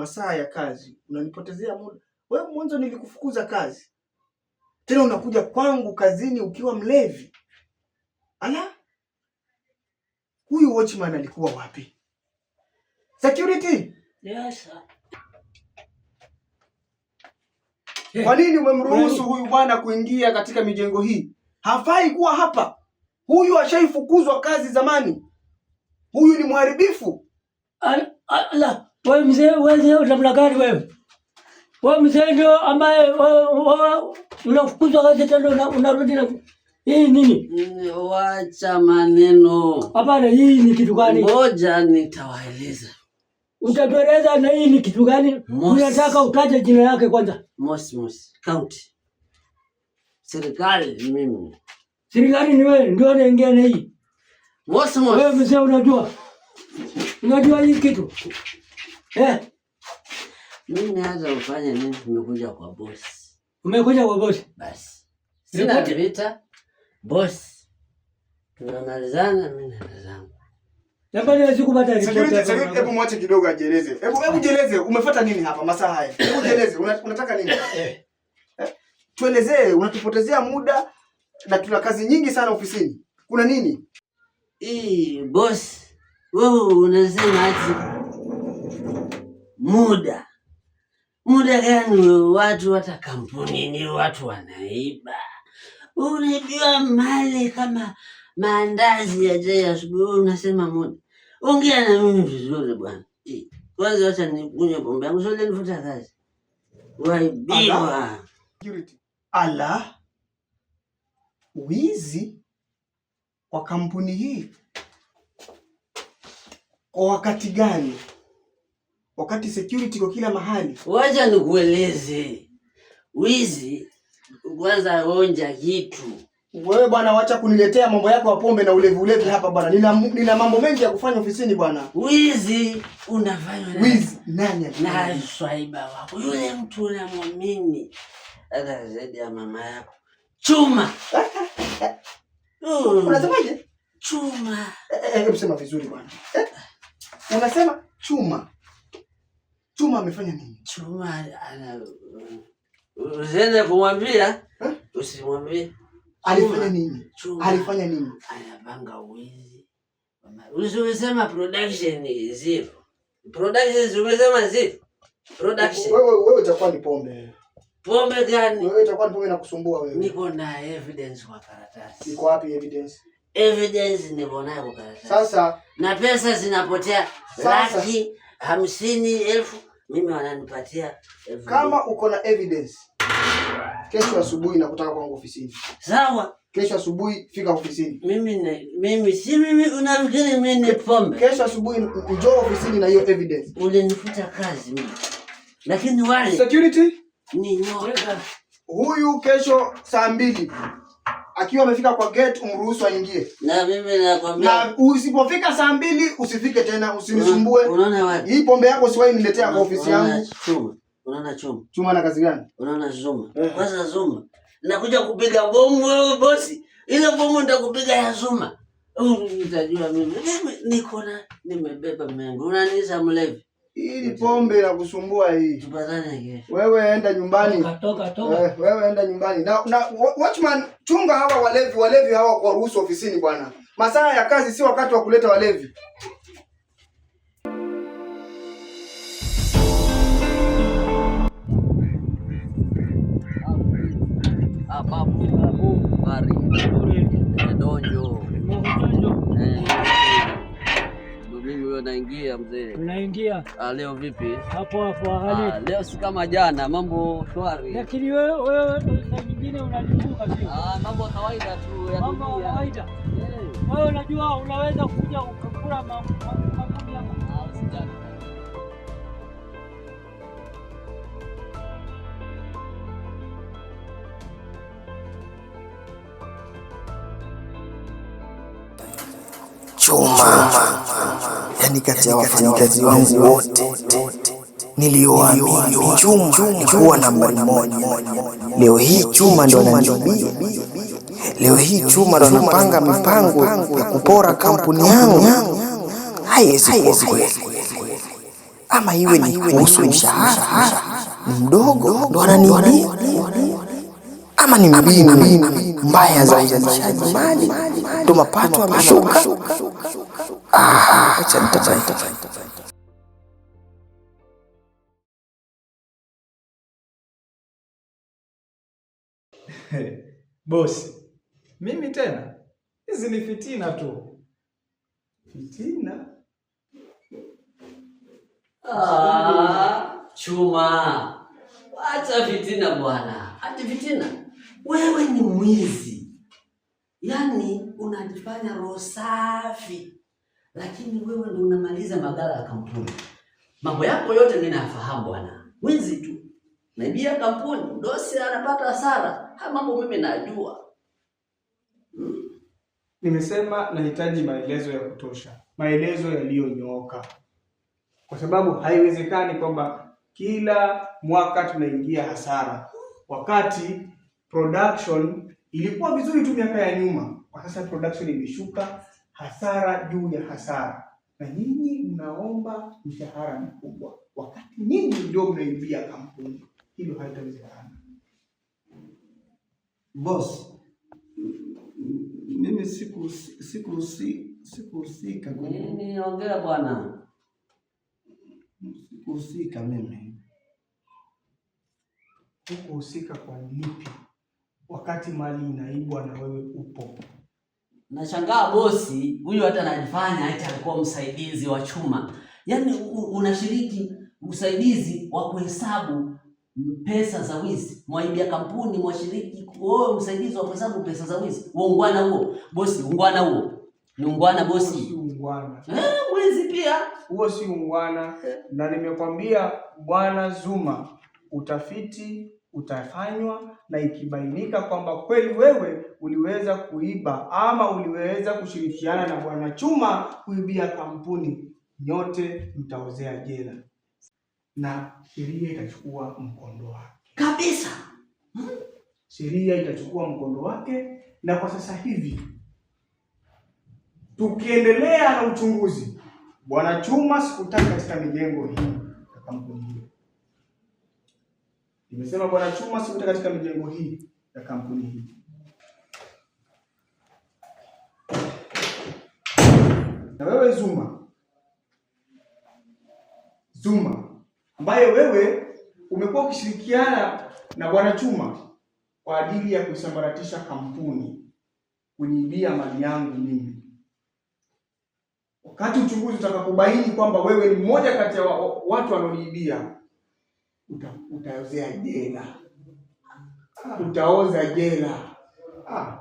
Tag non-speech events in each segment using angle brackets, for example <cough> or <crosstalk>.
masaa ya kazi, unanipotezea muda. Wewe mwanzo nilikufukuza kazi, tena unakuja kwangu kazini ukiwa mlevi. Ala, huyu watchman alikuwa wapi? Security, yes sir. Kwa nini umemruhusu huyu bwana kuingia katika mijengo hii? Hafai kuwa hapa. Huyu ashaifukuzwa kazi zamani. Huyu ni mharibifu. Ala, ala. Wewe mzee, wewe unamla gani wewe? Wewe mzee ndio ambaye unafukuzwa kazi tena unarudi na hii nini? Wacha maneno. Hapana, hii ni kitu gani? Ngoja nitawaeleza. Utatueleza na hii ni kitu gani? Unataka utaje jina yake kwanza. Mos, mos. County. Serikali ni mimi. Serikali ni wewe ndio unaingia na hii. Mos, mos. Wewe mzee unajua. Unajua hii kitu. Eh! Mimi naanza kufanya nini? Nimekuja kwa boss. Umekuja kwa boss? Bas. Sina vita. Boss. Tunamalizana mimi na zangu. Hebu mwache kidogo ajieleze. Hebu hebu jieleze, umefuata nini hapa masaa haya? Hebu eh. jieleze, unataka nini? Eh. eh. Tuelezee, unatupotezea muda na tuna kazi nyingi sana ofisini. Kuna nini? Eh, boss. Wewe unasema ati muda. Muda gani watu hata kampunini watu wanaiba, unaibiwa mali kama maandazi ya jei asubuhi, unasema muda. Ongea na mimi vizuri bwana, kwanza wacha nikunywe pombe yangu, sio nifuta kazi. Waibiwa ala, wizi wa kampuni hii kwa wakati gani? wakati security kwa kila mahali. Wacha nikueleze, wizi kwanza onja kitu. Wewe bwana, wacha kuniletea mambo yako ya pombe na ulevi ulevi hapa bwana. Nina, nina mambo mengi ya kufanya ofisini bwana. Wizi unafanywa na wizi nani? Na swaiba wako yule mtu unamwamini hata zaidi ya mama yako chuma. <laughs> Unasemaje? Chuma. Eh, eh, hebu sema vizuri bwana. Eh, unasema chuma Chuma amefanya nini? Chuma ana usiende kumwambia, usimwambie. Alifanya nini? Alifanya nini? Anapanga wizi. Usisema production zero. Production umesema zero. Production. Wewe wewe utakuwa ni pombe. Pombe gani? Wewe utakuwa ni pombe na kusumbua wewe. Niko na evidence kwa karatasi. Niko wapi evidence? Evidence niko nayo kwa karatasi. Sasa na pesa zinapotea laki hamsini elfu mimi wananipatia kama uko na evidence. Kesho asubuhi nakutaka kwangu ofisini, sawa? Kesho asubuhi fika ofisini. Mimi ne, mimi si mimi, unafikiri mimi ni pombe? Kesho asubuhi njoo ofisini na hiyo evidence. Ulinifuta kazi mimi, lakini wale security ni nyoka huyu. Kesho saa mbili akiwa amefika kwa gate umruhusu aingie. Na mimi nakwambia, na usipofika saa mbili usifike tena, usinisumbue. Unaona wapi hii pombe yako? Siwahi niletea kwa ofisi yangu. Chuma, unaona chuma, chuma na kazi gani? Unaona zuma eh. kwanza, zuma nakuja kupiga bomu wewe bosi, ile bomu nitakupiga ya zuma Unajua Mimi mimi niko na nimebeba mengi, unaniza mlevi Hili pombe la kusumbua hii. Wewe enda nyumbani. Toka toka. Wewe enda nyumbani. Na, na watchman chunga hawa walevi, walevi hawa kwa ruhusu ofisini bwana. Masaa ya kazi si wakati wa kuleta walevi. bari, donjo. Mimi wewe naingia mzee. Unaingia? Ah, leo vipi? Hapo hapo hali. Ah, Leo si kama jana, mambo shwari. Lakini wewe wewe na nyingine unalipuka sio? Ah, mambo kawaida tu ya dunia. mambo kawaida. Eh. Wewe unajua unaweza kuja ukakula mambo ya ah, Chuma. Chuma yani kati ya wafanyakazi wangu wote niliyoamini Chuma kuwa nambari moja. Leo hii Chuma ndo ananibia. Leo hii Chuma ndo anapanga mipango ya kupora kampuni yangu. Haiwezi kuwa kweli, ama iwe ni kuhusu mshahara mdogo ndo ananibia, ama ni mbinu mbaya za uzalishaji mali ndo mapato ameshuka. <laughs> Bosi, mimi tena, hizi ni fitina tu, fitina ah, chuma, wacha fitina bwana, ati fitina. Wewe ni mwizi, yaani unajifanya roho safi lakini wewe ndio unamaliza magala ya kampuni. Mambo yako yote mimi nafahamu bwana. Mwizi tu naibia kampuni, dosi anapata hasara. Haya mambo mimi najua. Hmm. Nimesema nahitaji maelezo ya kutosha, maelezo yaliyonyooka, kwa sababu haiwezekani kwamba kila mwaka tunaingia hasara, wakati production ilikuwa vizuri tu miaka ya nyuma. Kwa sasa production imeshuka, hasara juu ya hasara, na nyinyi mnaomba mshahara mkubwa, wakati nyinyi ndio mnaibia kampuni. Hilo halitawezekana. Boss, mimi sikuhusika siku, siku, siku, ongea bwana, sikuhusika mimi. Hukuhusika kwa lipi wakati mali inaibwa na wewe upo? Nashangaa bosi huyu hata anajifanya hata alikuwa msaidizi wa chuma. Yaani unashiriki usaidizi wa kuhesabu pesa za wizi, mwaibia kampuni, mwashiriki wewe msaidizi wa kuhesabu pesa za wizi. Uongwana huo bosi, ungwana huo ni ungwana bosi, ungwana eh, mwizi pia huo si ungwana. Eh. Na nimekwambia bwana Zuma, utafiti utafanywa, na ikibainika kwamba kweli wewe uliweza kuiba ama uliweza kushirikiana na bwana Chuma kuibia kampuni, nyote mtaozea jela na sheria itachukua mkondo wake kabisa. Hmm? Sheria itachukua mkondo wake, na kwa sasa hivi tukiendelea na uchunguzi, bwana Chuma sikutaka katika mijengo hii ya kampuni. Nimesema bwana chuma sikuta katika mijengo hii ya kampuni hii. Na wewe Zuma, Zuma ambaye wewe umekuwa ukishirikiana na bwana chuma kwa ajili ya kusambaratisha kampuni, kuniibia mali yangu mimi wakati uchunguzi utakapobaini kwamba wewe ni mmoja kati ya watu wanaoniibia uta, utaozea jela, utaoza jela. Ah,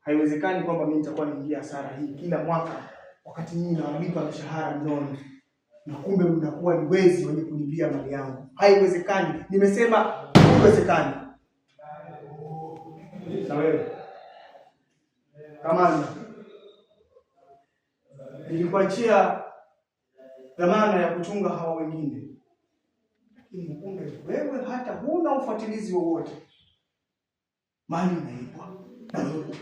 haiwezekani kwamba mimi nitakuwa naingia hasara hii kila mwaka, wakati nyinyi nawalipa mshahara mnono na kumbe mnakuwa ni wezi wenye kulipia mali yangu. Haiwezekani, nimesema haiwezekani. Na wewe nilikuachia dhamana ya kuchunga hawa wengine, lakini kumbe wewe hata huna ufuatilizi wowote, mali inaibwa na wewe.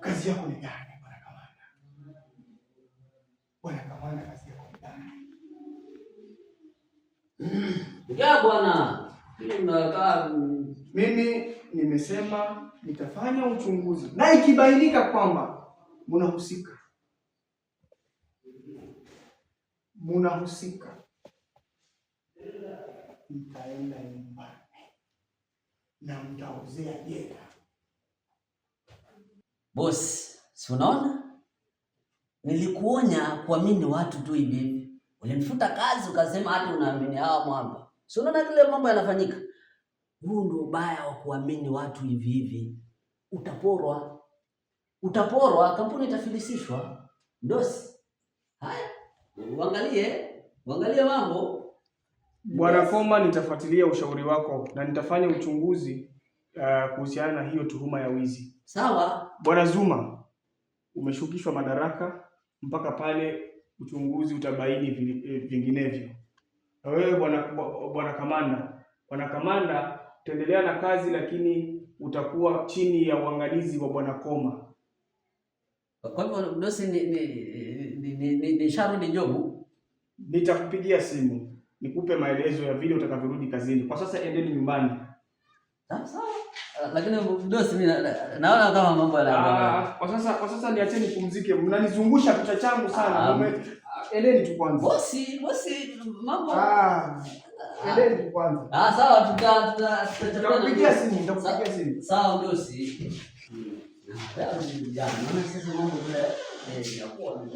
Kazi yako ni gani, bwana kamanda? Bwana kamanda, kazi yako ni gani? Mm. Ya bwana, mimi nimesema nitafanya uchunguzi na ikibainika kwamba mnahusika munahusika, mtaenda nyumbani na mtaozea jela. Bosi, si unaona nilikuonya kuamini watu tu hivi, ulinifuta kazi ukasema hata unaamini hawa mwamba. Si unaona kile mambo yanafanyika. Huu ndio ubaya wa kuamini watu hivi hivi, utaporwa, utaporwa, kampuni itafilisishwa. Ndosi uangalie uangalie mambo. Bwana Komba, nitafuatilia ushauri wako na nitafanya uchunguzi uh, kuhusiana na hiyo tuhuma ya wizi. Sawa. Bwana Zuma, umeshukishwa madaraka mpaka pale uchunguzi utabaini eh, vinginevyo. Na wewe bwana bwana kamanda, bwana kamanda, utaendelea na kazi, lakini utakuwa chini ya uangalizi wa bwana Koma. Kwa hivyo Dosi, ni ni ni, ni, ni ni Sharoni Jobu, nitakupigia simu nikupe maelezo ya vile utakavyorudi kazini. Kwa sasa endeni nyumbani. Ah, sawa. Ah, lakini Dosi, mimi naona kama mambo yana ah, kwa sasa, kwa sasa niacheni pumzike, mnanizungusha kichwa changu sana. Endeni tu kwanza. Bosi, bosi, mambo ah, endeni tu kwanza. Ah, sawa, tutakupigia simu, nitakupigia simu. Sawa Dosi. 不要，你两那是什么东西嘞？哎，野过什么